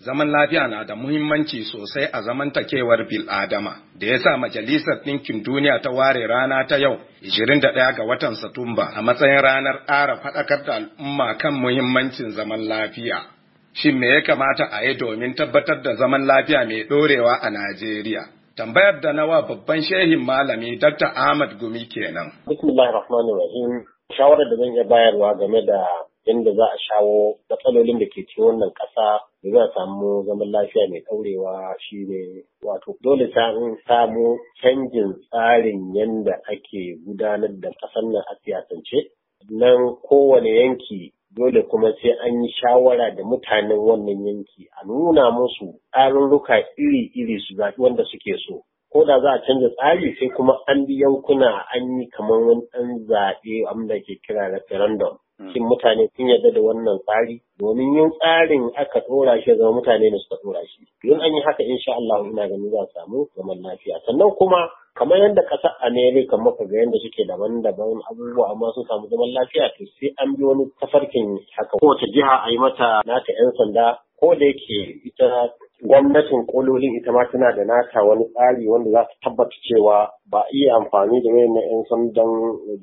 zaman lafiya na da muhimmanci sosai a zamantakewar bil'adama da ya sa majalisar ɗinkin duniya ta ware rana ta yau 21 ga watan satumba a matsayin ranar ƙara faɗakar da al'umma kan muhimmancin zaman lafiya shin me ya kamata a yi domin tabbatar da zaman lafiya mai ɗorewa a najeriya tambayar da nawa babban shehin malami dr ahmad gumi kenan bismillahir rahim shawarar da zan iya bayarwa game da Yanda za a shawo matsalolin da ke cikin wannan ƙasa da za a samu zaman lafiya mai ɗaurewa shi ne wato dole ta samu canjin tsarin yadda ake gudanar da ƙasar nan a siyasance nan kowane yanki dole kuma sai an yi shawara da mutanen wannan yanki a nuna musu tsarurruka iri-iri su zaɓi wanda suke so ko da za a canza tsari sai kuma an bi yankuna an yi kamar wani ɗan zaɓe wanda ke kira referendum Mm. shin mutane sun yarda da wannan tsari domin yin tsarin aka ɗora shi zama mutane ne suka ɗora shi yin an yi haka insha Allah ina gani za a samu zaman lafiya sannan kuma kamar yadda ƙasar America muka ga yadda suke daban-daban abubuwa amma sun samu zaman lafiya to sai an bi wani tafarkin haka kowace jiha a yi mata nata 'yan sanda ko da yake ita gwamnatin kololin ita ma tana da nata wani tsari wanda za ta tabbata cewa ba iya amfani da wayannan na 'yan sandan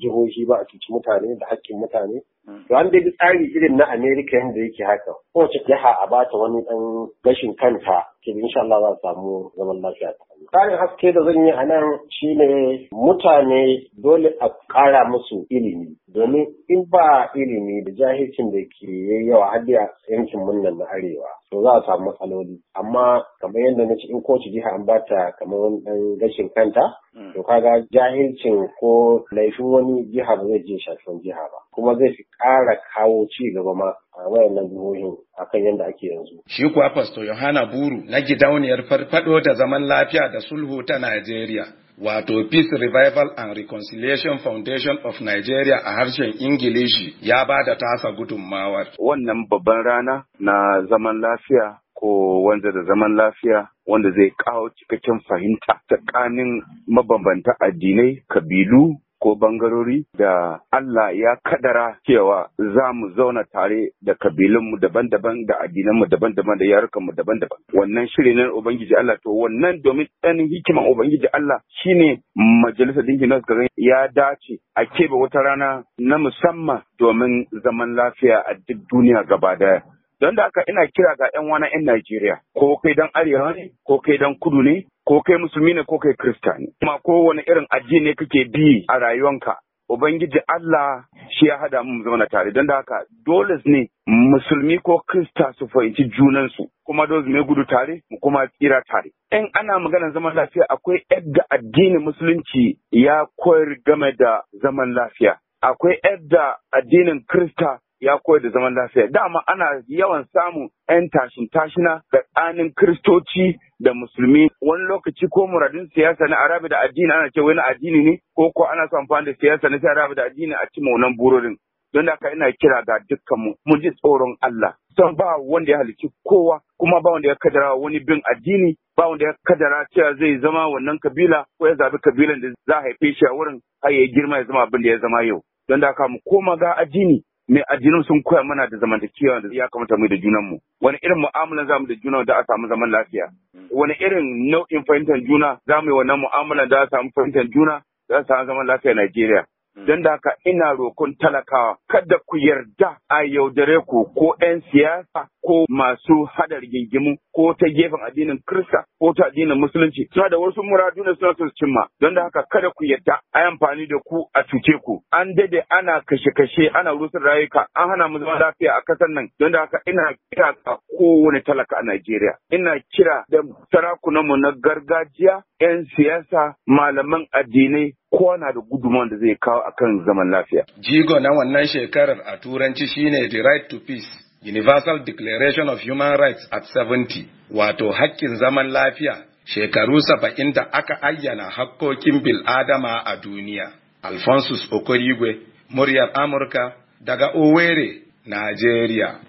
jihohi ba a cuci mutane da haƙƙin mutane To an dai tsari irin na Amerika yadda yake haka. Kowace jiha a bata wani ɗan gashin kanta ke insha Allah za a samu zaman lafiya. Tsarin haske da zan yi a nan shine mutane dole a ƙara musu ilimi. Domin in ba ilimi da jahilcin da ke yawa har da yankin munnan na arewa. To za a samu matsaloli. Amma kamar yadda na ce in kowace jiha an bata kamar wani ɗan gashin kanta. Mm. to kaga jahilcin ko laifin wani jiha ba zai je shafin jiha ba kuma zai fi ƙara kawo ci gaba ma a wayannan jihohin akan yadda ake yanzu. Shi kuwa Pastor Yohana Buru na gidauniyar farfaɗo da zaman lafiya da sulhu ta Najeriya. Wato Peace Revival and Reconciliation Foundation of Nigeria a harshen Ingilishi ya ba da tasa gudunmawar. Wannan babban rana na zaman lafiya ko wanda da zaman lafiya wanda zai kawo cikakken fahimta tsakanin mabambanta addinai kabilu ko bangarori da Allah ya kadara cewa za mu zauna tare da kabilunmu daban-daban da addinanmu daban-daban da yarukanmu daban-daban. Wannan shiri na Ubangiji Allah to wannan domin ɗan hikiman Ubangiji Allah shine majalisar dinkin nasu ya dace a keɓe wata rana na musamman domin zaman lafiya a duk duniya gaba daya. Don da haka ina kira ga 'yan wana 'yan Najeriya, ko kai dan arewa ne, ko kai dan kudu ne, ko kai musulmi ne, ko kai kirista ne. Kuma kowane irin addini kake bi a rayuwanka, Ubangiji Allah shi ya hada mu zauna tare don da haka dole ne musulmi ko krista su fahimci junansu kuma dole ne gudu tare mu kuma tsira tare. In ana maganar zaman lafiya akwai yadda addinin musulunci ya koyar game da zaman lafiya. Akwai yadda addinin Kirista. ya koyar da zaman lafiya dama ana yawan samun 'yan tashin tashina tsakanin kristoci da musulmi wani lokaci ko muradin siyasa na arabi da addini ana ce wani addini ne ko ko ana son amfani da siyasa na arabi da addini a cimma wannan burorin don da haka ina kira ga dukkanmu mu ji tsoron Allah san ba wanda ya halicci kowa kuma ba wanda ya kadara wani bin addini ba wanda ya kadara cewa zai zama wannan kabila ko ya zabi kabilan da za a haife shi a wurin har ya girma ya zama abin da ya zama yau don da haka mu koma ga addini mai addinin sun koya mana da zamantakewa da ya kamata mu da junanmu wani irin mu'amalan zamu da juna da a samu zaman lafiya wani irin nau'in fahimtar juna mu yi wannan mu'amalan da a samu fahimtar juna da a samu zaman lafiya Najeriya Don da haka ina rokon talakawa kada ku yarda a yaudare ku ko 'yan siyasa ko masu hadar rigingimu ko ta gefen addinin Kirista ko ta addinin Musulunci suna da wasu muradu na suna su cimma don da haka kada ku yarda a yi amfani da ku a cuce ku an dade ana kashe-kashe ana rusar rayuka an hana mu zama lafiya a kasar nan don da haka ina kira ga kowane talaka a Najeriya ina kira da sarakunanmu na gargajiya 'yan siyasa malaman addinai kowa na da gudunman da zai kawo akan zaman lafiya. Jigo na wannan shekarar a turanci shine The Right to Peace, Universal Declaration of Human Rights at 70, wato hakkin zaman lafiya shekaru saba'in da aka ayyana hakkokin bil'adama a duniya. Alphonsus Okorigwe, muryar Amurka, daga Owerri, Najeriya.